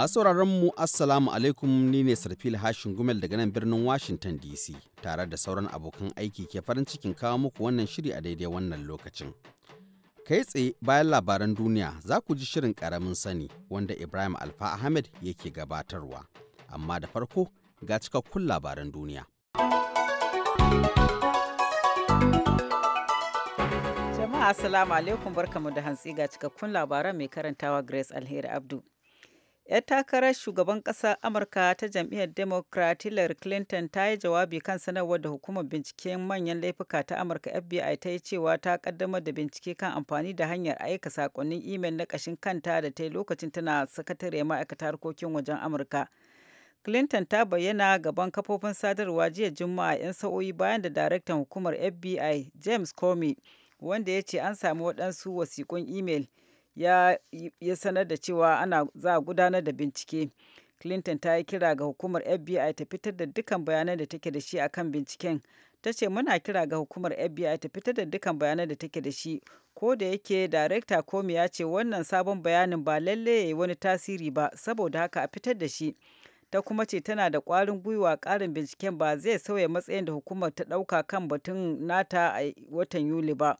Masu mu Assalamu alaikum ni ne Sarfil Hashin Gumel daga nan birnin Washington DC tare da sauran abokan aiki ke farin cikin kawo muku wannan shiri a daidai wannan lokacin. Kai tsaye bayan labaran duniya za ku ji shirin karamin sani wanda Ibrahim Alfa Ahmed yake gabatarwa. Amma da farko ga cikakkun labaran duniya. Jama'a Assalamu alaikum barkamu da hantsi ga cikakkun labaran mai karantawa Grace Alheri Abdu. 'Yar takarar shugaban ƙasar Amurka ta jam'iyyar Democrat Hillary Clinton ta yi jawabi kan sanarwar da hukumar binciken manyan laifuka ta Amurka FBI ta yi cewa ta kaddamar da bincike kan amfani da hanyar aika sakonnin imel na ƙashin kanta da ta yi lokacin tana sakatare ma'aikatar harkokin wajen Amurka. Clinton ta bayyana gaban kafofin sadarwa jiya Juma'a 'yan sa'o'i bayan da daraktan hukumar FBI James Comey wanda ya ce an sami waɗansu wasiƙun imel. ya, ya sanar da cewa ana za a gudanar da bincike clinton ta yi kira ga hukumar fbi ta fitar da dukkan bayanan da take da shi akan binciken ta ce muna kira ga hukumar fbi ta fitar da dukkan bayanan da take da shi ko da yake darekta komi ya ce wannan sabon bayanin ba lalle ya yi wani tasiri ba saboda haka a fitar da shi ta kuma ce tana da kwarin gwiwa karin binciken ba zai sauya matsayin da hukumar ta ɗauka kan batun nata a watan yuli ba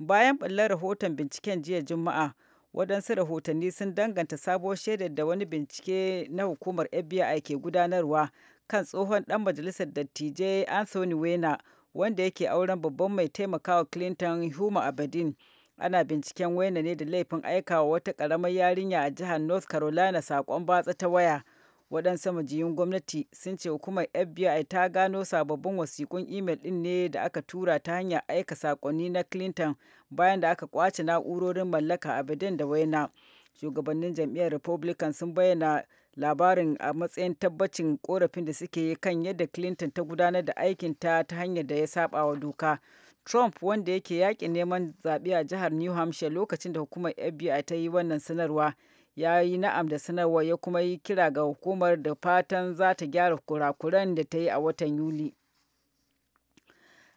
Bayan ɓullar rahoton binciken jiya Juma'a, waɗansu rahotanni sun danganta sabuwar shaidar da wani bincike na hukumar FBI ke gudanarwa kan tsohon ɗan majalisar dattijai Anthony wena wanda yake auren babban mai taimakawa Clinton Huma Abedin. Ana binciken wena ne da laifin aikawa wata ƙaramar yarinya a jihar North Carolina saƙon batsa ta waya waɗansu majiyun gwamnati sun ce hukumar fbi ta gano sababbin wasikun imel ɗin ne da aka tura ta hanyar aika saƙonni na clinton bayan da aka kwace na'urorin mallaka a Biden da waina shugabannin jam'iyyar republican sun bayyana labarin a matsayin tabbacin korafin da suke yi kan yadda clinton ta gudanar da aikinta ta hanyar da ya saba wa doka trump wanda yake yakin neman zaɓe a jihar new hampshire lokacin da hukumar fbi ta yi wannan sanarwa ya yi na'am da sanarwar ya kuma yi kira ga hukumar da fatan za ta gyara kurakuran da ta yi a watan yuli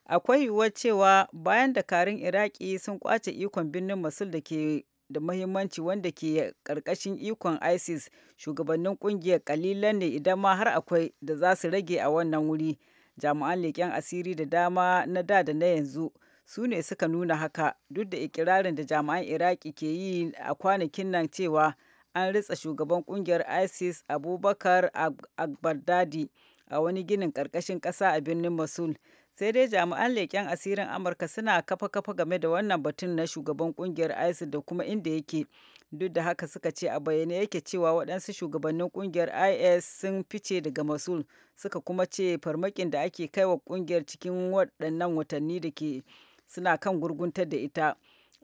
akwai yiwuwar cewa bayan dakarun iraki sun kwace ikon birnin masul da ke da mahimmanci wanda ke karkashin ikon isis shugabannin kungiyar kalilan ne idan ma har akwai da za su rage a wannan wuri jami'an leƙen asiri da dama na da da na yanzu su ne suka nuna haka duk da ikirarin da jami'an iraki ke yi a kwanakin nan cewa an ritsa shugaban kungiyar isis abubakar agbardadi a wani ginin karkashin kasa a birnin mosul sai dai jami'an leƙen asirin amurka suna kafa-kafa game da wannan batun na shugaban kungiyar isis da kuma inda yake duk da haka suka ce a bayyane yake cewa waɗansu shugabannin kungiyar is sun fice daga masul suka kuma ce farmakin da ake kaiwa kungiyar cikin waɗannan watanni da ke suna kan gurguntar da ita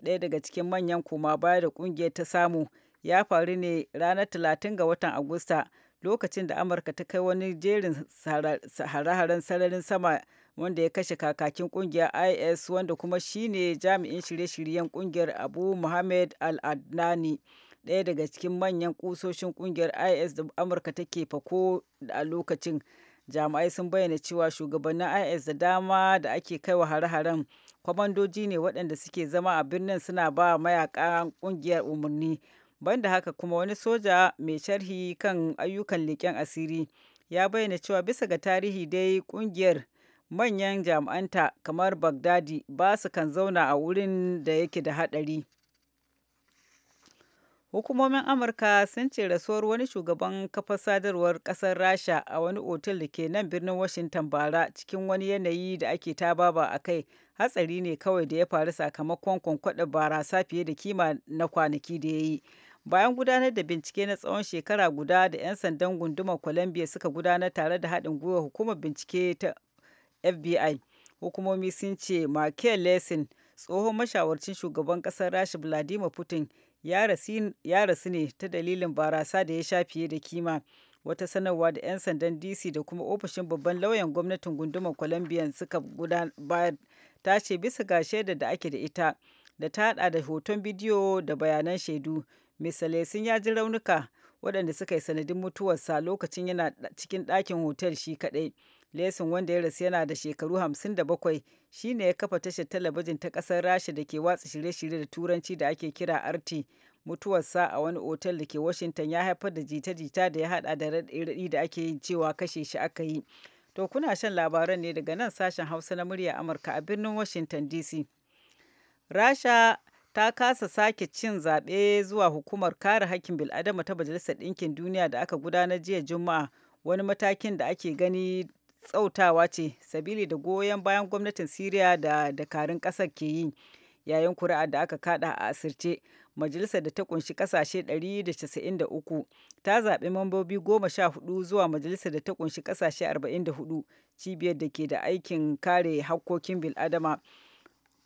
ɗaya daga cikin manyan koma baya da kungiyar ta samu ya faru ne ranar 30 ga watan Agusta lokacin da Amurka ta kai wani jerin hare-haren sararin sama wanda ya kashe kakakin kungiyar IS wanda kuma shine jami'in shirye-shiryen kungiyar Abu Muhammad Al-Adnani. ɗaya daga cikin manyan ƙusoshin kungiyar is da amurka take fako a lokacin jami'ai sun bayyana cewa shugabannin is da dama da ake kaiwa hare-haren kwamandoji ne waɗanda suke zama a birnin suna ba mayakan kungiyar umarni banda haka kuma wani soja mai sharhi kan ayyukan leƙen asiri ya bayyana cewa bisa ga tarihi dai kungiyar manyan jami'anta kamar bagdadi ba su kan zauna a wurin da yake da haɗari hukumomin amurka sun ce rasuwar wani shugaban kafar sadarwar ƙasar rasha a wani otel da ke nan birnin washington bara cikin wani yanayi da ake ba a kai hatsari ne kawai da ya faru sakamakon kwankwada barasa fiye da kima na kwanaki da ya yi bayan gudanar da bincike na tsawon shekara guda da 'yan sandan gundumar columbia suka gudanar tare da haɗin gwiwa hukumar bincike ta fbi hukumomi sun ce michael lessin tsohon mashawarcin shugaban ƙasar rasha vladimir putin ya rasu ne ta dalilin barasa da ya sha fiye da kima wata sanarwa da 'yan sandan dc da kuma ofishin babban lauyan gwamnatin gundumar columbia suka bayar ta ce bisa ga shaidar da ake da ita da ta haɗa da hoton bidiyo da bayanan shaidu Mesalesin ya ji raunuka waɗanda suka yi sanadin mutuwarsa lokacin yana cikin ɗakin hotel shi kaɗai. Lesin wanda ya rasu yana da shekaru 57 shi ne ya kafa tashar talabijin ta ƙasar Rasha da ke watsa shirye-shirye da Turanci da ake kira arti Mutuwarsa a wani otal da ke Washington ya haifar da jita-jita da ya haɗa da raɗi da ake yin cewa kashe shi aka yi. To kuna shan labaran ne daga nan sashen Hausa na murya Amurka a birnin Washington DC. Rasha ta kasa sake cin zaɓe zuwa hukumar kare hakkin bil'adama ta majalisar ɗinkin duniya da aka gudanar jiya juma'a wani matakin da ake gani tsautawa ce sabili da goyon bayan gwamnatin siriya da dakarun ƙasar ke yi yayin kuri'a da aka kaɗa a asirce majalisar da ta kunshi kasashe 193 ta zaɓi mambobi 14 zuwa majalisar da ta kunshi kasashe 44 cibiyar da ke da aikin kare hakkokin bil'adama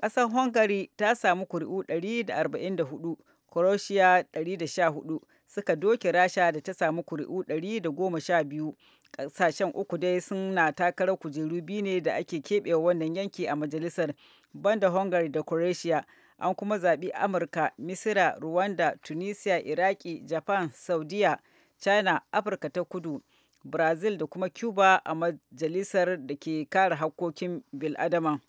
Ƙasar Hungary ta samu kuri'u 144, Croatia 114 suka doke Rasha da ta samu kuri'u 112. kasashen uku dai suna takarar kujeru biyu ne da ake keɓewa wannan yanki a majalisar, banda Hungary da Croatia. An kuma zaɓi Amurka, Misira, Rwanda, Tunisia, Iraki, Japan, Saudiya, China, Afirka ta kudu. Brazil da kuma Cuba a majalisar da ke kare hakkokin bil'adama.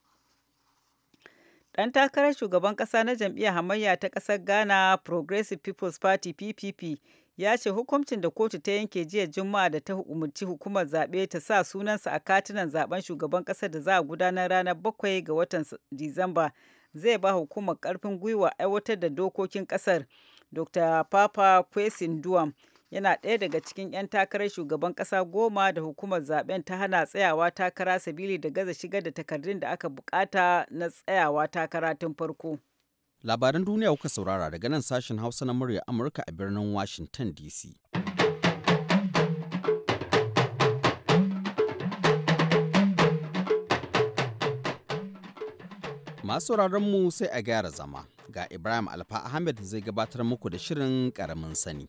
Ɗan takarar shugaban ƙasa na jam'iyyar hamayya ta ƙasar Ghana Progressive People's Party PPP ya ce hukuncin da kotu ta yanke jiya Juma'a da ta umarci hukumar zaɓe ta sa sunansa a katinan zaben shugaban ƙasar da za a gudanar ranar bakwai ga watan Disamba zai ba hukumar ƙarfin gwiwa aiwatar da dokokin ƙasar. Dr. Papa Kwesi Nduam yana ɗaya daga cikin 'yan takarar shugaban ƙasa goma da hukumar zaben ta hana tsayawa takara sabili da gaza shigar da takardun da aka bukata na tsayawa takara tun farko. Labaran duniya kuka saurara daga nan sashen Hausa na murya Amurka a birnin Washington DC. Masu mu sai a gyara zama ga Ibrahim Alfa Ahmed zai gabatar muku da shirin ƙaramin sani.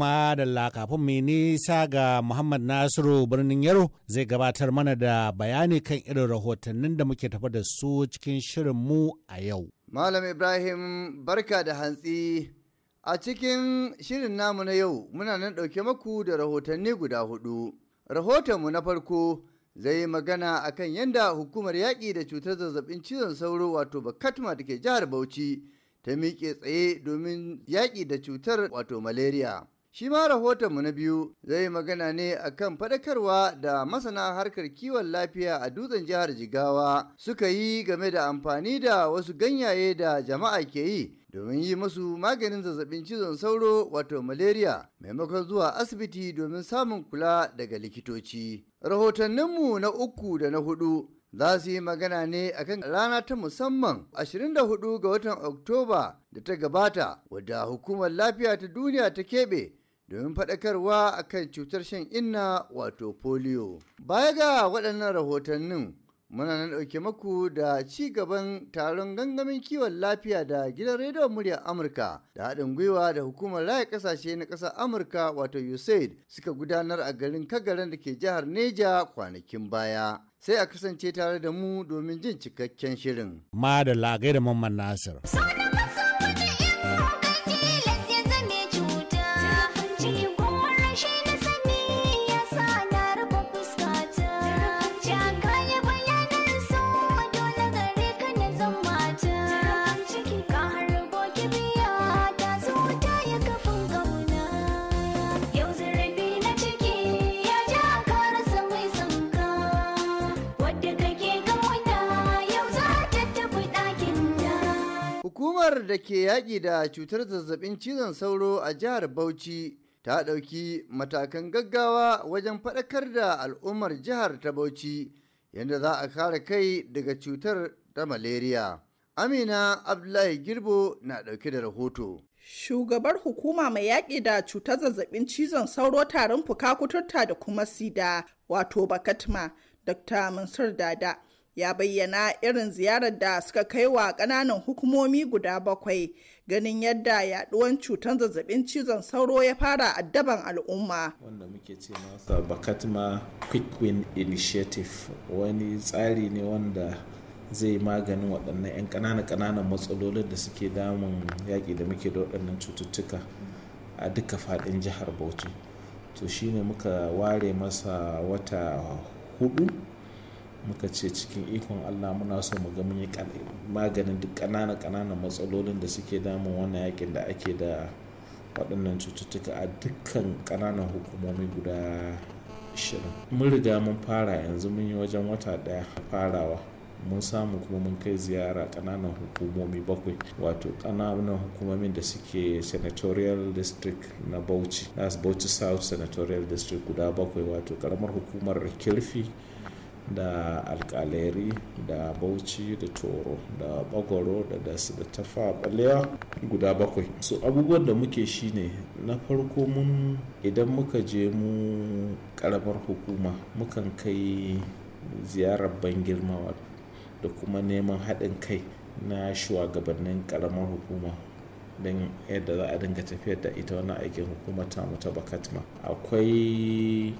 kuma da kafin mai nisa ga Muhammad Nasiru birnin Yaro zai gabatar mana da bayani kan irin rahotannin da muke tafa da su cikin shirin mu a yau. Malam Ibrahim barka da hantsi a cikin shirin namu na yau muna nan ɗauke maku da rahotanni guda hudu. Rahotonmu na farko zai yi magana akan yadda hukumar yaƙi da cutar zazzabin cizon sauro wato Bakatma da ke jihar Bauchi ta miƙe tsaye domin yaƙi da cutar wato malaria. Shi ma rahotonmu na biyu zai magana ne akan faɗakarwa da masana harkar kiwon lafiya a dutsen jihar Jigawa suka yi game da amfani da wasu ganyaye da jama'a ke yi domin yi masu maganin zazzabin cizon sauro wato malaria maimakon zuwa asibiti domin samun kula daga likitoci. Rahotanninmu na uku da na hudu za su yi magana ne akan rana ta musamman 24 ga watan Oktoba da ta gabata wadda hukumar lafiya ta duniya ta keɓe domin faɗakarwa a kan cutar shan inna wato polio. Baya ga waɗannan rahotannin muna nan ɗauke maku da ci gaban taron gangamin kiwon lafiya da gidan rediyon muryar amurka da haɗin gwiwa da hukumar raya ƙasashe na ƙasar amurka wato usaid suka gudanar a garin kagaran da ke jihar neja kwanakin baya sai a kasance tare da mu domin jin cikakken shirin ma da lagai da mamman nasir Hukumar da ke yaƙi da cutar zazzabin cizon sauro a jihar Bauchi ta ɗauki matakan gaggawa wajen faɗakar da al'ummar jihar ta Bauchi yadda za a kare kai daga cutar ta malaria. Amina Abdullahi Girbo na ɗauki da rahoto. Shugabar hukuma mai yaƙi da cutar zazzabin cizon sauro tarin fuka kuturta da kuma sida wato bakatma Dr. Mansur Dada. ya bayyana irin ziyarar da suka kai wa kananan hukumomi guda bakwai ganin yadda yaduwan cutar zazzabin cizon sauro ya fara addaban al'umma. Wanda muke ce masa Bakatma Quick Win Initiative wani tsari ne wanda zai maganin waɗannan 'yan ƙananan-ƙananan matsalolin da suke damun yaƙi da muke da waɗannan cututtuka a duka faɗin jihar Bauchi. To shine muka ware masa wata hudu muka ce cikin ikon allah muna so mu ga maganin duk ƙananan kanana matsalolin da suke damun wannan yakin da ake da waɗannan cututtuka a dukkan kananan hukumomi guda shirin mun riga mun fara yanzu mun yi wajen wata ɗaya farawa mun samu kuma mun kai ziyara kananan hukumomi bakwai wato kananan hukumomin da suke senatorial district na bauchi nas bauchi south senatorial district guda bakwai wato karamar hukumar kirfi da alkaleri da bauchi da toro da bagoro da dasu da tafa balewa guda bakwai so abubuwan da muke shine na farko mun idan muka je mu karamar hukuma mukan kai ziyarar ban girma da kuma neman haɗin kai na shugabannin karamar hukuma don yadda za a dinga tafiyar da ita wani aikin hukumar tamu ta bakatma akwai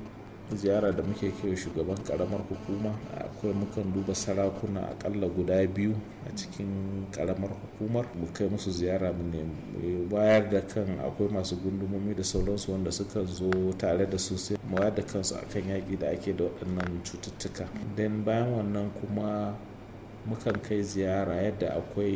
ziyara da muke kai shugaban karamar hukuma akwai mukan duba sarakuna akalla guda biyu a cikin karamar hukumar mu kai musu ziyara mu ne bayar da kan akwai masu gundumomi da sauransu wanda suka zo tare da su sai mu da kansu akan yaƙi da ake da waɗannan cututtuka dan bayan wannan kuma mukan kai ziyara yadda akwai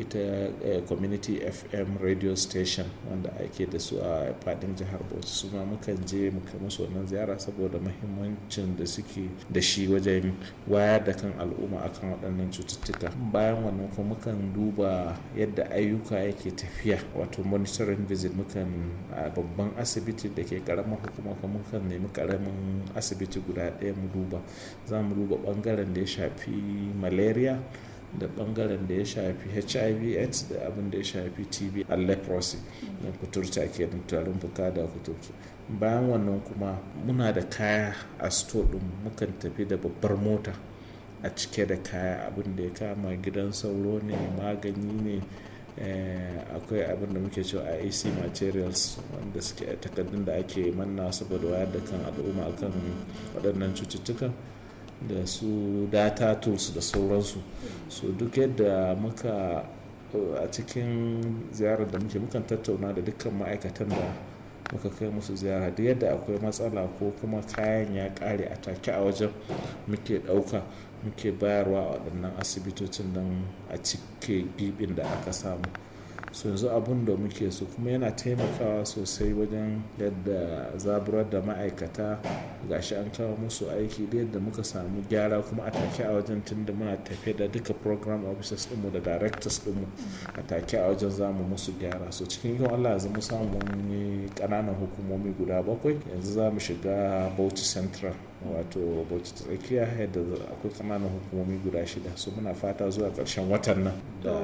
ita eh, community fm radio station wanda ake da su a fadin jihar bauchi su mukan je muka musu wannan ziyara saboda mahimmancin da suke da shi wajen wayar da kan al'umma akan waɗannan cututtuka bayan wannan kuma mukan duba yadda ayyuka yake tafiya wato monitoring visit mukan a babban asibiti da ke karamar hukuma kuma mukan nemi karamin asibiti guda ɗaya mu duba za mu duba ɓangaren da ya shafi malaria da bangaren da ya shafi hiv aids da abin da ya shafi tb a leprosy na kuturta ke tarin fuka da kuturta bayan wannan kuma muna da kaya a store mukan tafi da babbar mota a cike da kaya abin da ya kama gidan sauro ne magani ne eh, akwai abin da muke cewa IEC materials wanda suke takardun da ake manna saboda wayar da kan al'umma akan waɗannan cututtukan da su data tools da sauransu so duk yadda muka uh, a cikin ziyarar da muke mukan tattauna da dukkan ma'aikatan da muka kai musu ziyara da yadda akwai matsala ko kuma kayan ya kare a take a wajen muke ɗauka muke bayarwa a waɗannan asibitocin don a cike bibin da aka samu so yanzu abun da muke so kuma yana taimakawa sosai wajen yadda zaburar da ma'aikata ga shi an kawo musu aiki da yadda muka samu gyara kuma a take a wajen tun da muna tafe da duka program officers dinmu da directors dinmu a take a wajen zamu musu gyara so cikin yau Allah yanzu mu samu kananan hukumomi guda bakwai yanzu za mu shiga Bauchi Central wato bauchi ta tsakiya yadda akwai kananan hukumomi guda shida so muna fata zuwa karshen watan nan da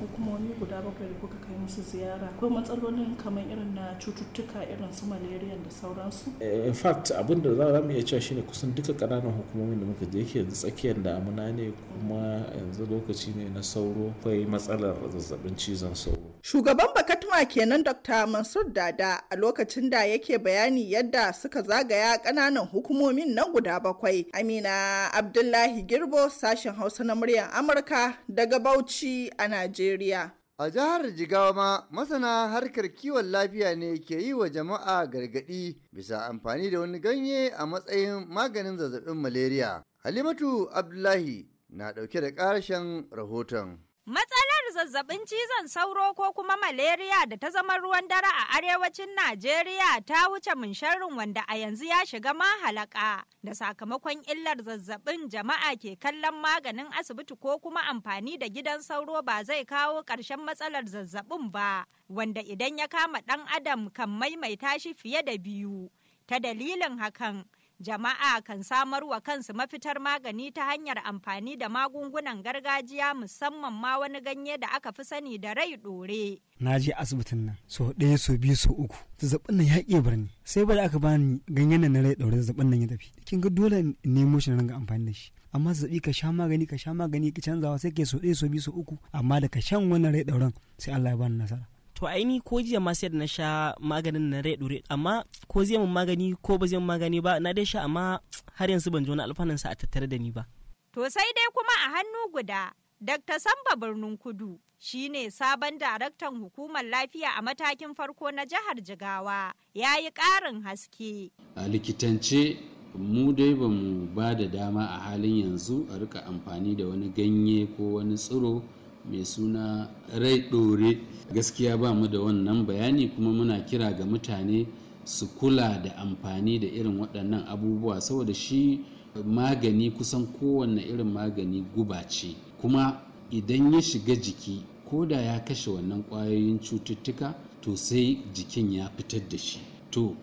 hukumomi guda bakwai da kuka kai musu ziyara akwai matsalolin kamar irin na cututtuka irin su malaria da sauransu eh, in fact abin da za mu iya cewa shine kusan duka kananan hukumomin da muka je yake yanzu tsakiyar damuna ne kuma yanzu lokaci ne na sauro akwai matsalar zazzabin cizon sauro Shugaban Bakatuma kenan Dr. Mansur Dada a lokacin da yake bayani yadda suka zagaya ƙananan hukumomin na guda bakwai. Amina Abdullahi Girbo sashen Hausa na muryar Amurka daga Bauchi a Najeriya. A jihar Jigawa ma masana harkar kiwon lafiya ne ke yi wa jama'a gargaɗi bisa amfani da wani ganye a matsayin maganin zazzabin malaria. Halimatu Abdullahi na ɗauke da ƙarshen rahoton. Matsala zazzabin cizon sauro ko kuma malaria da ta zama ruwan dare a arewacin Najeriya ta wuce munsharin wanda a yanzu ya shiga mahalaka da sakamakon illar zazzabin jama'a ke kallon maganin asibiti ko kuma amfani da gidan sauro ba zai kawo ƙarshen matsalar zazzabin ba wanda idan ya kama ɗan adam kan maimaita shi fiye da biyu ta dalilin hakan Jama'a kan samar wa kansu mafitar magani ta hanyar amfani da magungunan gargajiya musamman ma wani ganye da aka fi sani da rai dore. Na je asibitin nan so ɗaya so biyu so uku zazzabin nan ya iya birni sai ba da aka bani ganyen nan na rai dore zazzabin nan ya tafi. Kin ga dole in nemo shi na ringa amfani da shi. Amma zazzabi ka sha magani ka sha magani ka canzawa sai ke so ɗaya so biyu so uku amma da ka shan wannan rai ɗauren sai Allah ya bani nasara. to aini ko jiya ma sai da na sha maganin na rai dure amma ko zai mun magani ko ba zai mun magani ba na dai sha amma har yanzu ban ji wani alfanun sa a tattare da ni ba to sai dai kuma a hannu guda Dr. Samba Birnin Kudu shine sabon daraktan hukumar lafiya a matakin farko na jihar Jigawa ya yi ƙarin haske. A likitance mu dai ba mu ba da dama a halin yanzu a rika amfani da wani ganye ko wani tsiro mai suna rai ɗore gaskiya ba mu da wannan bayani kuma muna kira ga mutane su kula da amfani da irin waɗannan abubuwa saboda shi magani kusan kowanne irin magani guba ce kuma idan ya shiga jiki ko da ya kashe wannan ƙwayoyin cututtuka to sai jikin ya fitar da shi to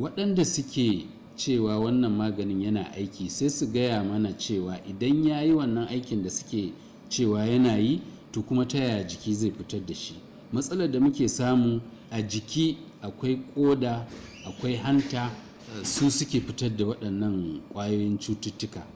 waɗanda suke cewa wannan maganin yana aiki sai su gaya mana cewa idan ya yi wannan aikin da suke cewa yana yi to kuma ta yaya jiki zai fitar da shi matsalar da muke samu a jiki akwai koda akwai hanta su suke fitar da waɗannan ƙwayoyin cututtuka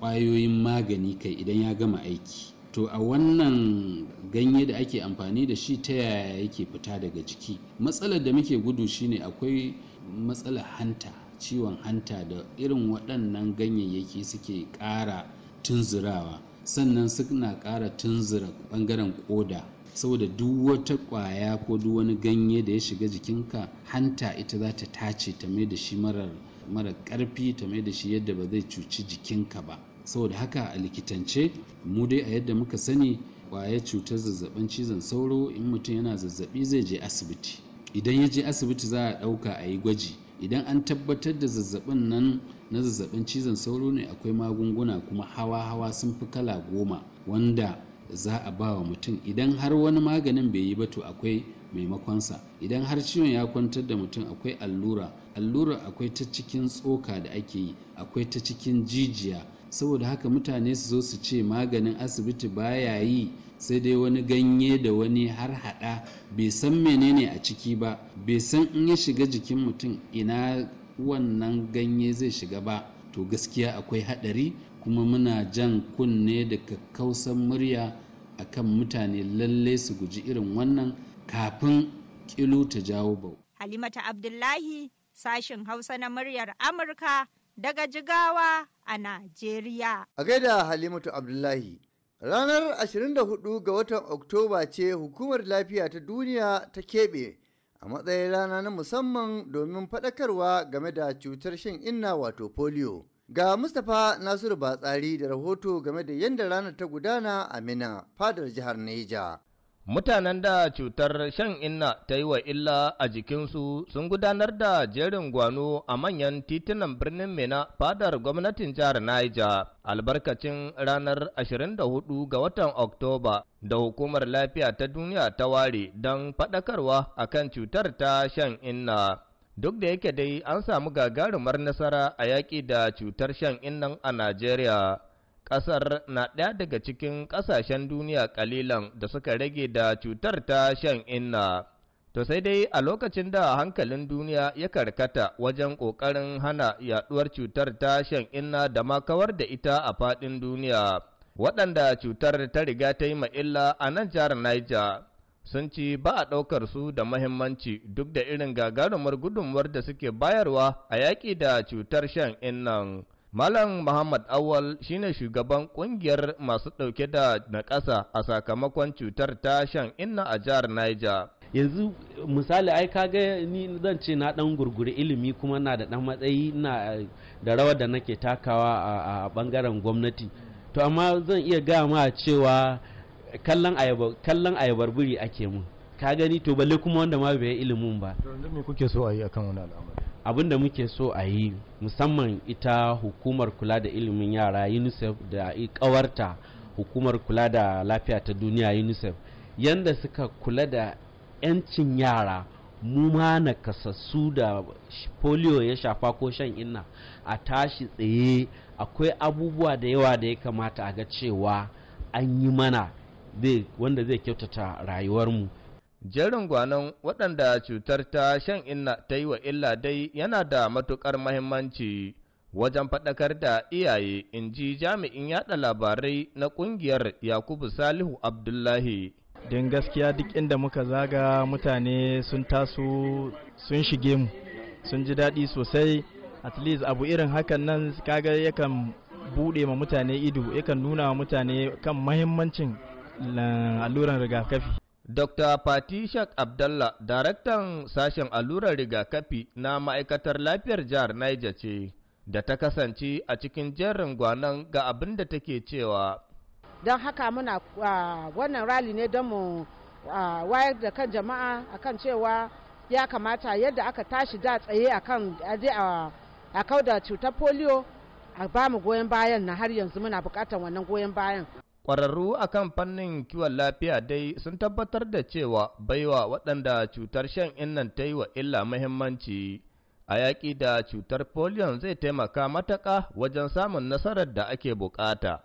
ƙwayoyin magani kai idan ya gama aiki to a wannan ganye da ake amfani da shi ta yaya yake fita daga jiki matsalar da muke gudu shine akwai matsalar hanta ciwon hanta da irin waɗannan ganyayyaki suke ƙara tunzurawa sannan suna ƙara tunzura ɓangaren ƙoda saboda duk wata ƙwaya ko duk wani ganye da ya shiga jikinka hanta ita za ta tace ta mai da shi mara ƙarfi ta mai da shi yadda ba zai cuci jikinka ba saboda haka a likitance mu dai a yadda muka sani ƙwaya cutar zazzabin cizon sauro in mutum yana zazzabi zai je asibiti idan ya je asibiti za a ɗauka a yi gwaji idan an tabbatar da zazzabin nan na zazzabin cizon sauro ne akwai magunguna kuma hawa-hawa sun fi kala goma wanda za a ba wa mutum idan har wani maganin bai yi ba to akwai maimakonsa idan har ciwon ya kwantar da mutum akwai allura allura akwai ta cikin tsoka da ake yi akwai ta cikin jijiya saboda haka mutane su zo su ce maganin asibiti baya yi sai dai wani ganye da wani har hada bai san menene a ciki ba bai san in ya shiga jikin mutum ina wannan ganye zai shiga ba to gaskiya akwai haɗari kuma muna jan kunne da kakkausan murya akan mutane lalle su guji irin wannan kafin kilo ta jawo bau. Halimata Abdullahi sashin Hausa na muryar Amurka daga Jigawa a Najeriya. A gaida Halimatu Abdullahi, ranar 24 ga watan Oktoba ce hukumar lafiya ta duniya ta keɓe a matsayin rana na musamman domin faɗakarwa game da cutar shan inna wato polio. Ga Mustapha Nasiru Batsari da rahoto game da yadda ranar ta gudana a Mina, fadar jihar Neja. Mutanen da cutar shan inna ta yi wa illa a jikinsu sun gudanar da jerin gwano a manyan titunan birnin Mena fadar gwamnatin jihar Niger albarkacin ranar 24 ga watan Oktoba da hukumar lafiya ta duniya ta ware don faɗakarwa kan cutar ta shan inna. Duk da yake dai an samu gagarumar nasara a yaƙi da cutar shan innan a Najeriya. Ƙasar na ɗaya daga cikin ƙasashen duniya ƙalilan da suka rage da cutar ta shan inna. To sai dai a lokacin da hankalin duniya ya karkata wajen ƙoƙarin hana yaɗuwar cutar ta shan inna da makawar da ita a faɗin duniya. Waɗanda cutar ta riga ta yi illa a nan jihar Niger sun ci ba a ɗaukar su da mahimmanci duk da irin gagarumar gudunmuwar da suke bayarwa a yaƙi da cutar shan innan. Malam Muhammad Awal shine shugaban kungiyar masu ɗauke da nakasa a sakamakon cutar tashan inna a jihar Niger. Yanzu misali ai kaga ni zan ce na dan gurguri ilimi kuma na da dan matsayi na da rawar da nake takawa a bangaren gwamnati. To amma zan iya gaya ma cewa kallon ayabar kallon ayabar buri ake mun. Ka gani to balle kuma wanda ma bai ilimin ba. To yanzu me kuke so a yi akan wannan al'amari? abin da muke so a yi musamman ita hukumar kula da ilimin yara unicef da ƙawarta hukumar kula da lafiya ta duniya unicef yadda suka kula da 'yancin yara mu ma na kasassu da polio ya shafa ko shan inna a tashi tsaye akwai abubuwa da yawa da ya kamata a ga cewa an yi mana wanda zai kyautata rayuwarmu jerin gwanon waɗanda cutar ta shan inna ta yi wa illa dai yana da matukar mahimmanci wajen faɗakar da iyaye in ji jami'in yaɗa labarai na ƙungiyar yakubu salihu abdullahi don gaskiya duk inda muka zaga mutane sun taso sun shige mu sun ji daɗi sosai at least abu irin hakan nan kaga yakan buɗe ma mutane ido yakan nuna wa mutane kan mahimmancin eh, alluran rigakafi Dr. Fati Shak Abdallah, daraktan sashen allurar rigakafi na ma'aikatar lafiyar jihar naija ce, da ta kasance a cikin jerin gwanon ga abin da take cewa. Don haka muna wannan rali ne don mu wayar da kan jama'a akan cewa ya kamata yadda aka tashi da tsaye kan a kauda cutar polio a ba mu goyon bayan na har yanzu muna bukatar wannan goyon bayan. Ƙwararru a kan fannin kiwon lafiya dai sun tabbatar da cewa baiwa waɗanda cutar shan innan ta yi wa illa muhimmanci a yaƙi da cutar polion zai taimaka mataƙa wajen samun nasarar da ake buƙata.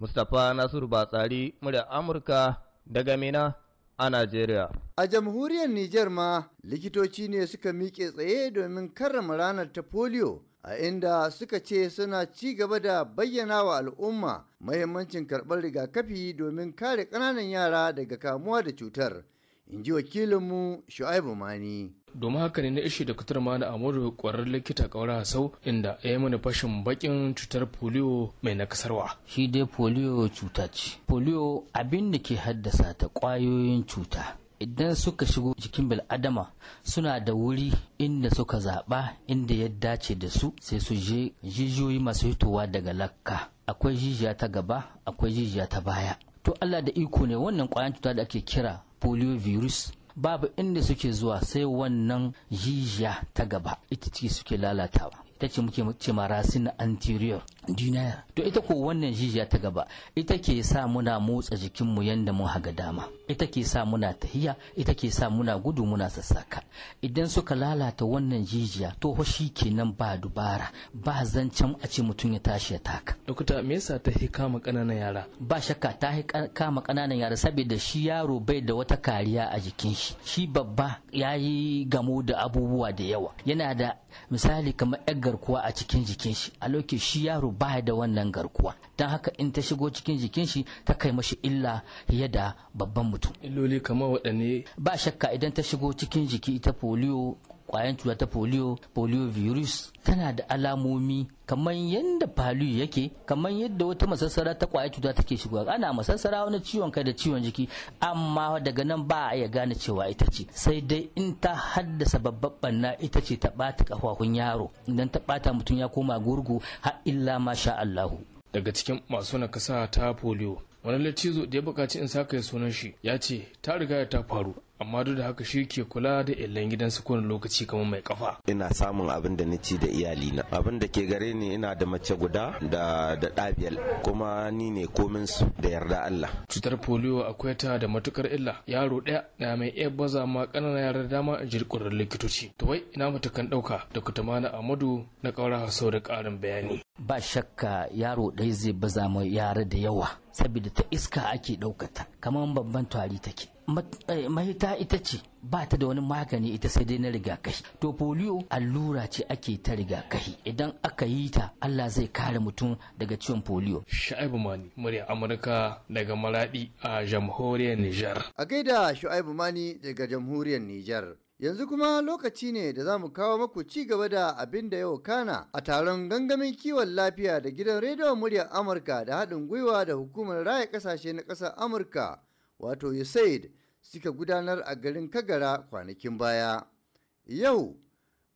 Mustapha Nasiru Batsari, murya Amurka daga Mina a Najeriya. A jamhuriyar Nijar ma likitoci ne suka miƙe tsaye domin karrama ranar ta polio. a inda suka ce suna ci gaba da bayyana wa al'umma mahimmancin karɓar rigakafi domin kare ƙananan yara daga kamuwa da cutar in ji wakilinmu shu'aibu mani domin haka ne na ishe da kutar mana amuru kwarar likita kaura sau inda ya yi mana fashin bakin cutar polio mai nakasarwa shi dai polio cuta ce polio abin da ke haddasa ta kwayoyin cuta idan suka shigo jikin bil'adama suna da wuri inda suka zaɓa inda ya dace da su sai su je jijiyoyi masu hitowa daga lakka akwai jijiya ta gaba akwai jijiya ta baya to allah da iko ne wannan kwayan cuta da ake kira polio babu inda suke zuwa sai wannan jijiya ta gaba ita ce suke lalatawa ita ce muke ce marasin na anterior duniya to ita ko wannan jijiya ta gaba ita ke sa muna motsa jikin mu yanda mun haga dama ita ke sa muna tahiya ita ke sa muna gudu muna sassaka idan suka lalata wannan jijiya to shi kenan ba dubara ba zancen a ce mutum ya tashi ya taka dokta me yasa ta hi kama kananan yara ba shakka ta hi kama kananan yara saboda shi yaro bai da wata kariya a jikin shi shi babba yayi gamo da abubuwa da yawa yana da misali kamar yar garkuwa a cikin jikin shi a lokacin shi yaro baya da wannan garkuwa don haka in ta shigo cikin jikin shi ta kai mashi illa fiye da babban mutum illoli kamar waɗanne ba shakka idan ta shigo cikin jiki ta polio kwayan cuta ta polio polio virus tana da alamomi kamar yadda palu yake kamar yadda wata masassara ta kwaya cuta take shigowa ana masassara wani ciwon kai da ciwon jiki amma daga nan ba a iya gane cewa ita ce sai dai in ta haddasa babban banna ita ce ta bata kafafun yaro idan ta bata mutum ya koma gurgu har illa ma sha Allahu daga cikin masu nakasa ta polio wani latizo da ya bukaci in saka ya sunan shi ya ce ta riga ta faru amma duk da haka shi ke kula da illan su kowane lokaci kamar mai kafa ina samun abin da ci da iyali na. abin da ke gare ni ina da mace guda da da ɗabiyal kuma ni ne komin su da yarda Allah cutar polio akwai ta da matukar illa yaro ɗaya na mai iya baza ma ƙananan yara dama a jirkurar likitoci to wai ina matakan ɗauka da kutumana Amadu na ƙaura sau da ƙarin bayani ba shakka yaro ɗaya zai baza ma yara da yawa saboda ta iska ake ɗaukata kamar babban tari take Eh, mahita ita ce ba ta da wani magani ita sai dai na rigakai, to polio allura ce ake ta rigakai, idan aka yi ta Allah zai kare mutum daga ciwon polio Shu'aibu Mani murya Amurka daga Maradi a jamhuriyar Nijar a gaida Shu'aibu Mani daga jamhuriyar Nijar Yanzu kuma lokaci ne da za mu kawo maku ci gaba da abin da yau kana a taron gangamin kiwon lafiya da gidan rediyon muryar Amurka da haɗin gwiwa da hukumar raya ƙasashe na ƙasar Amurka wato USAID suka gudanar a garin Kagara kwanakin baya. Yau,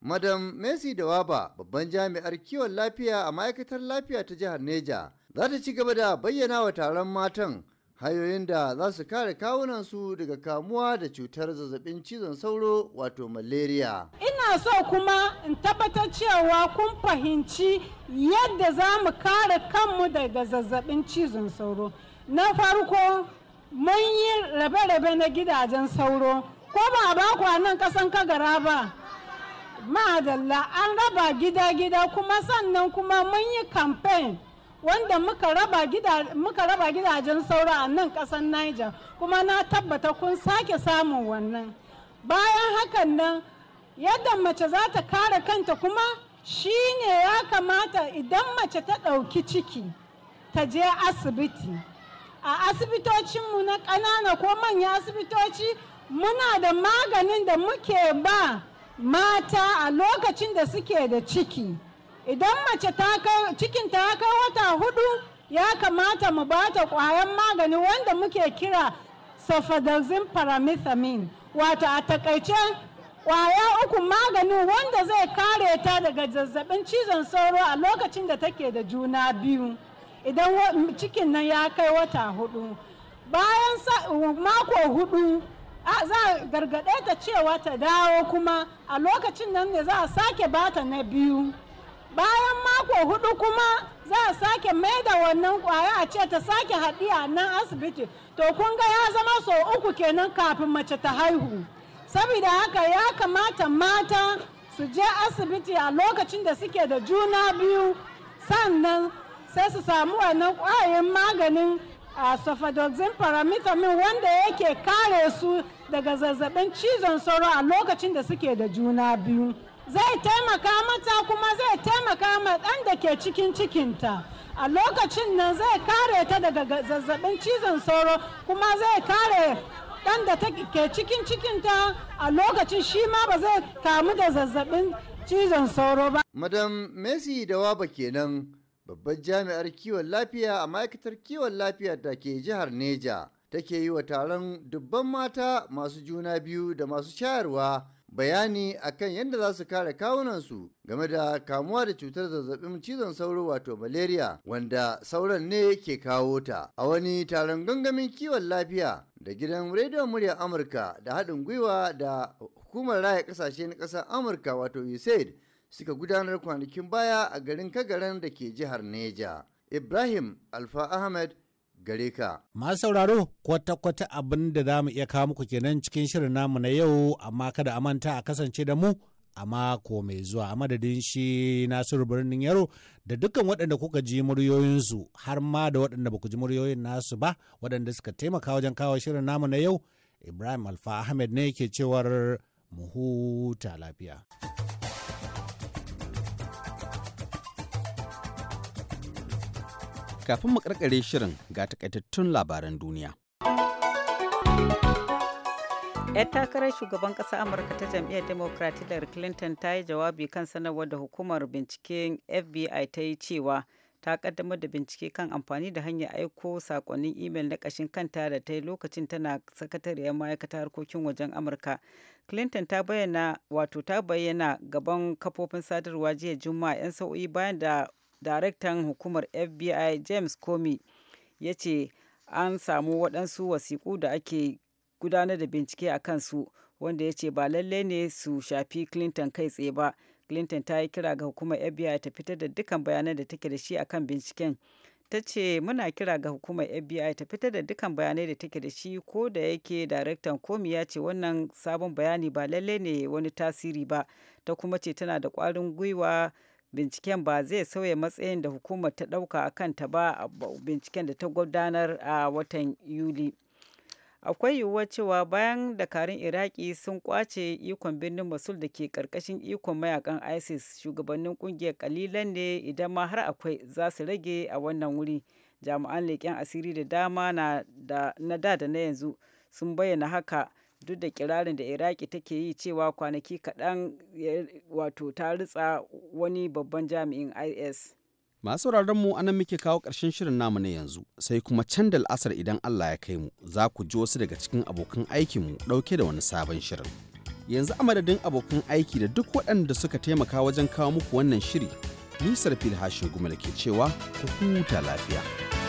Madam Messi da waba babban jami'ar kiwon lafiya a ma'aikatar lafiya ta jihar Neja, za ta ci gaba da bayyana wa taron matan hanyoyin da za su kare kawunansu daga kamuwa da cutar zazzabin cizon sauro wato malaria. Ina so kuma in tabbatar cewa kun fahimci yadda za mu kare kanmu daga zazzabin cizon sauro. Na farko mun yi rabe-rabe na gidajen sauro ko ba a baku a nan kasan kagara ba ma'adalla an raba gida-gida kuma sannan kuma mun yi kamfen wanda muka raba gidajen sauro a nan kasan niger kuma na tabbata kun sake samun wannan bayan hakan nan yadda mace za ta kare kanta kuma shi ne ya kamata idan mace ta ɗauki ciki ta je asibiti a asibitocinmu na ƙanana ko manya asibitoci muna da maganin da muke ba mata a lokacin da suke da ciki idan mace cikin ta kai wata hudu ya kamata mu ba ta ƙwayan magani wanda muke kira sulfadazin paramethamine wato a takaice ƙwaya uku magani wanda zai kare ta daga zazzabin cizon sauro a lokacin da take da juna biyu idan cikin nan ya kai wata hudu bayan mako hudu za a gargaɗe ta cewa ta dawo kuma a lokacin nan ne za a sake bata na biyu bayan mako hudu kuma za a sake mai da wannan kwaya a ce ta sake haɗi a nan asibiti to kun ga ya zama sau uku kenan kafin mace ta haihu saboda haka ya kamata mata su je asibiti a lokacin da suke da juna biyu sannan sai su samu wannan ƙwayoyin maganin a sofadoxin paramitamin wanda yake kare su daga zazzabin cizon sauro a lokacin da suke da juna biyu zai taimaka mata kuma zai taimaka ma ɗan da ke cikin cikinta a lokacin nan zai kare ta daga zazzabin cizon sauro kuma zai kare ɗan da ke cikin cikinta a lokacin shi ma ba zai kamu da zazzabin cizon sauro ba. madam messi da waba kenan babbar jami'ar kiwon lafiya a ma'aikatar kiwon lafiya da ke jihar neja take yi wa taron dubban mata masu juna biyu da masu shayarwa bayani a kan yadda za su kare kawunansu game da kamuwa da cutar zazzabin cizon sauro wato malaria wanda sauran ne ke kawo ta a wani taron gangamin kiwon lafiya da gidan rediyon muryar amurka da haɗin gwiwa da hukumar raya ƙasashe na ƙasar amurka wato usaid suka gudanar kwanakin baya a garin Kagaran da ke jihar Neja. Ibrahim Alfa Ahmed gare ka. Masu sauraro kwata-kwata abin da za mu iya kawo muku kenan cikin shirin namu na yau amma kada a manta a kasance da mu a mako mai zuwa a madadin shi nasiru birnin yaro da dukkan waɗanda kuka ji muryoyinsu har ma da waɗanda ba ku ji muryoyin nasu ba waɗanda suka taimaka wajen kawo shirin namu na yau ibrahim alfa ahmed ne ke cewar mu huta lafiya. Kafin mu karkare shirin ga takaitattun labaran duniya. 'yan takarar shugaban ƙasa amurka ta jam'iyyar democrat hillary clinton ta yi jawabi kan sanarwar da hukumar binciken fbi ta yi cewa ta kaddamar da bincike kan amfani da hanyar aiko sakonnin imel na ƙashin kanta da ta yi lokacin tana sakatariyar ma'aikata harkokin wajen amurka clinton ta bayyana wato ta bayyana gaban kafofin sadarwa jiya juma'a 'yan sa'o'i bayan da daraktan hukumar fbi james comey ya ce an samu waɗansu wasiƙu da ake gudanar da bincike a kansu wanda ya ce ba lalle ne su shafi clinton kai tsaye ba clinton ta yi kira ga hukumar fbi ta fitar da dukkan bayanan da take da shi a kan binciken ta ce muna kira ga hukumar fbi ta fitar da dukkan bayanai da take da shi ko da yake daraktan komi ya ce wannan sabon bayani ba lalle ne wani tasiri ba ta kuma ce tana da kwarin gwiwa binciken ba zai sauya matsayin da hukumar ta ɗauka a kanta ba a binciken da ta gudanar a watan yuli akwai yiwuwar cewa bayan dakarun iraki sun kwace ikon birnin mosul da ke karkashin ikon mayakan isis shugabannin kungiyar kalilan ne idan ma har akwai za su rage a wannan wuri jami'an leƙen asiri da dama na da na yanzu sun bayyana haka duk da kirarin da iraki take yi cewa kwanaki kaɗan wato ta ritsa wani babban jami'in is masu mu anan muke kawo ƙarshen shirin namu na yanzu sai kuma can da al'asar idan allah ya kai mu za ku ji wasu daga cikin abokan aikinmu ɗauke da wani sabon shirin yanzu a madadin abokan aiki da duk waɗanda suka taimaka wajen kawo muku wannan shiri nisar filhashin gumal ke cewa ku huta lafiya.